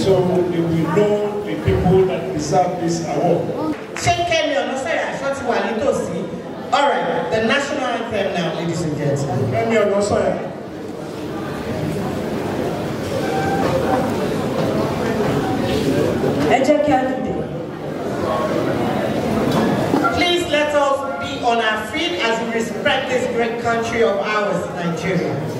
So they will know the people that deserve this award. Ṣé Kẹ́mi Ọ̀nàṣẹ́yà aṣọ ti wà nítòsí? All right, the national anthem now, ladies and gentlemen. Kẹ́mi Ọ̀nàṣẹ́yà. Ẹ jẹ́ Please let us be on our feet as we respect this great country of ours, Nigeria.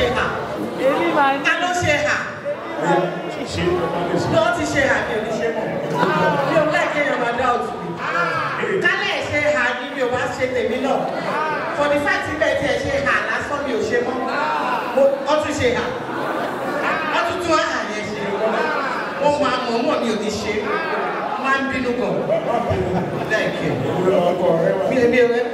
ṣe hà. èmi máa ní. ta ló ṣe hà. lọ́ ti ṣe hà ní oníṣe mọ̀. mi ò láìké yẹn máa dá òtù mi. kálẹ̀ ṣe hà ni mi ò bá ṣe tèmi náà. fọ̀dí fáìtì bẹ́ẹ̀ tiẹ̀ ṣe hà lásán mi ò ṣe mọ́. ó tún ṣe hà. ó tún tún hà yẹn ṣe. mo máa mọ̀ mọ̀ mi ò ní ṣe. máa ń bínú gan. mi ò mi ò